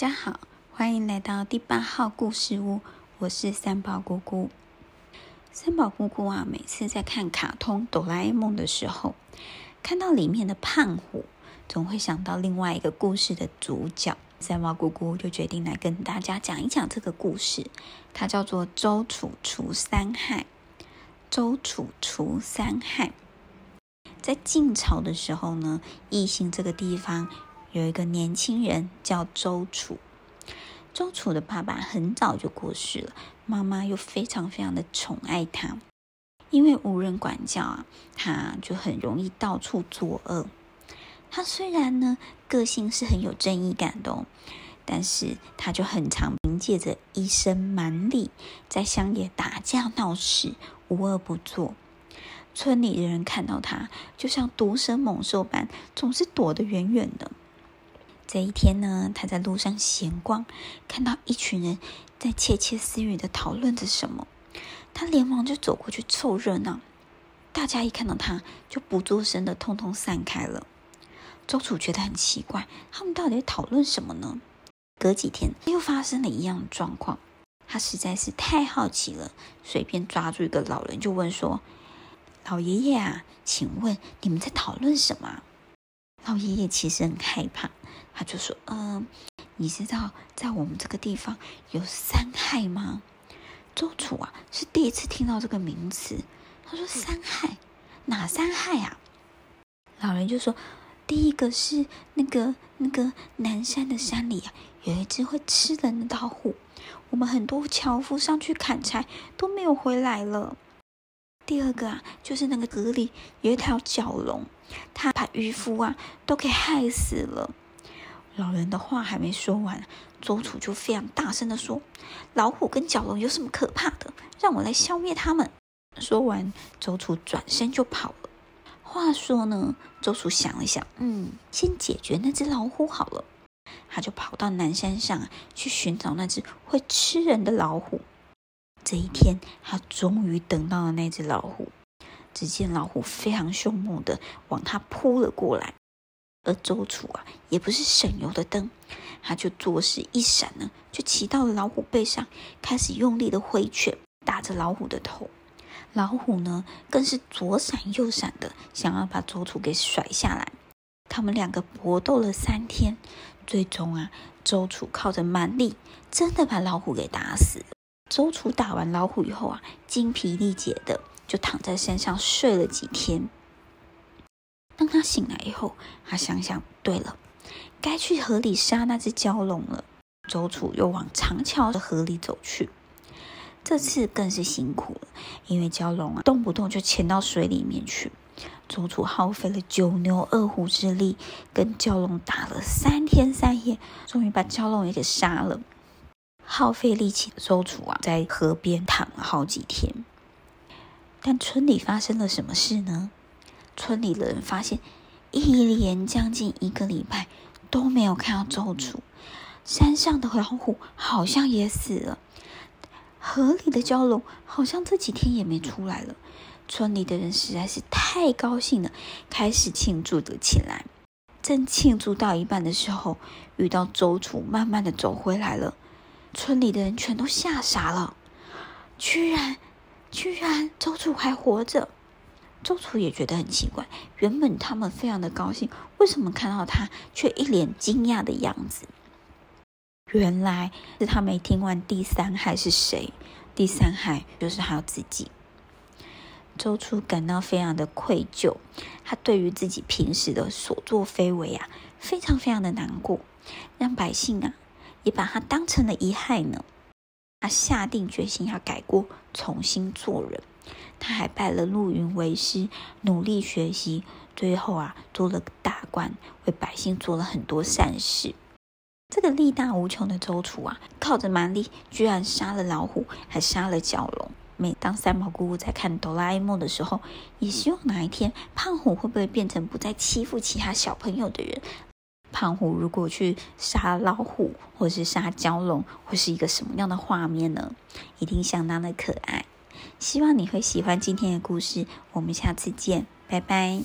大家好，歡迎來到第八號故事屋，我是三寶姑姑。三寶姑姑啊，每次在看卡通《哆啦 A 夢》的時候，看到裡面的胖虎，總會想到另外一個故事的主角。三寶姑姑就決定來跟大家講一講這個故事，它叫做周處“周處除三害”。周處除三害，在晉朝的時候呢，義興這個地方。有一個年輕人叫周處，周處的爸爸很早就過世了，媽媽又非常非常的寵愛他，因為無人管教啊，他就很容易到處作惡。他雖然呢個性是很有正義感的哦，但是他就很常憑借着一身蠻力在鄉野打架鬧事，無惡不作。村裡的人看到他就像毒蛇猛獸般，總是躲得遠遠的。這一天呢，他在路上閒逛，看到一群人在竊竊私語的討論着什麼，他連忙就走過去湊熱鬧。大家一看到他，就不作聲的，通通散開了。周處覺得很奇怪，他們到底討論什麼呢？隔幾天又發生了一樣的狀況，他實在是太好奇了，隨便抓住一個老人就問說：“老爺爺啊，請問你們在討論什麼？”老爺爺其實很害怕，他就說：“嗯、呃，你知道在我們這個地方有三害嗎？”周處啊是第一次聽到這個名詞，他說：“三害？哪三害啊？”老人就說：“第一個是那個那個南山的山裡啊，有一隻會吃人的老虎，我們很多樵夫上去砍柴都沒有回來了。”第二個啊，就是那個河裡有一條蛟龍，它把漁夫啊都給害死了。老人的話還沒說完，周處就非常大聲地說：“老虎跟蛟龍有什麼可怕的？讓我來消滅牠們！”說完，周處轉身就跑了。話說呢，周處想了想，嗯，先解決那隻老虎好了。他就跑到南山上去尋找那隻會吃人的老虎。這一天，他終於等到了那只老虎。只見老虎非常兇猛的往他撲了過來，而周處啊也不是省油的燈，他就作勢一閃呢，就騎到了老虎背上，開始用力的揮拳，打着老虎的頭。老虎呢更是左閃右閃的，想要把周處給甩下來。他們兩個搏鬥了三天，最終啊，周處靠着蠻力，真的把老虎給打死了。周處打完老虎以後啊，精疲力竭的，就躺在山上睡了幾天。當他醒來以後，他想想，對了，該去河裡殺那隻蛟龍了。周處又往長橋的河裡走去，這次更是辛苦了，因為蛟龍啊，動不動就潛到水裡面去。周處耗費了九牛二虎之力，跟蛟龍打了三天三夜，終於把蛟龍也給殺了。耗費力氣的周處啊，在河邊躺了好幾天。但村裡發生了什麼事呢？村裡的人發現，一連將近一個禮拜都沒有看到周處。山上的老虎好像也死了，河裡的蛟龍好像這幾天也沒出來了。村裡的人實在是太高興了，開始慶祝了起來。正慶祝到一半的時候，遇到周處，慢慢的走回來了。村裡的人全都嚇傻了，居然，居然周處還活着。周處也覺得很奇怪，原本他們非常的高興，為什麼看到他卻一臉驚訝的樣子？原來是他沒聽完第三害是誰，第三害就是他自己。周處感到非常的愧疚，他對於自己平時的所作非為啊，非常非常的難過，讓百姓啊。也把他當成了遺害呢。他下定決心要改過，重新做人。他還拜了陸雲為師，努力學習。最後啊，做了大官，為百姓做了很多善事。這個力大無窮的周處啊，靠着蠻力居然殺了老虎，還殺了蛟龍。每當三寶菇菇在看《哆啦 A 夢》的時候，也希望哪一天胖虎會不會變成不再欺負其他小朋友的人。胖虎如果去殺老虎，或是殺蛟龍，會是一個什麼樣的畫面呢？一定相當的可愛。希望你會喜歡今天的故事，我們下次見，拜拜。